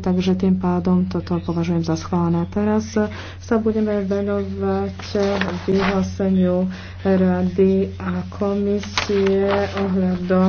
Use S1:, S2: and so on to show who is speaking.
S1: takže tým pádom toto považujem za schválené. Teraz sa budeme venovať vyhláseniu rady a komisie
S2: ohľadom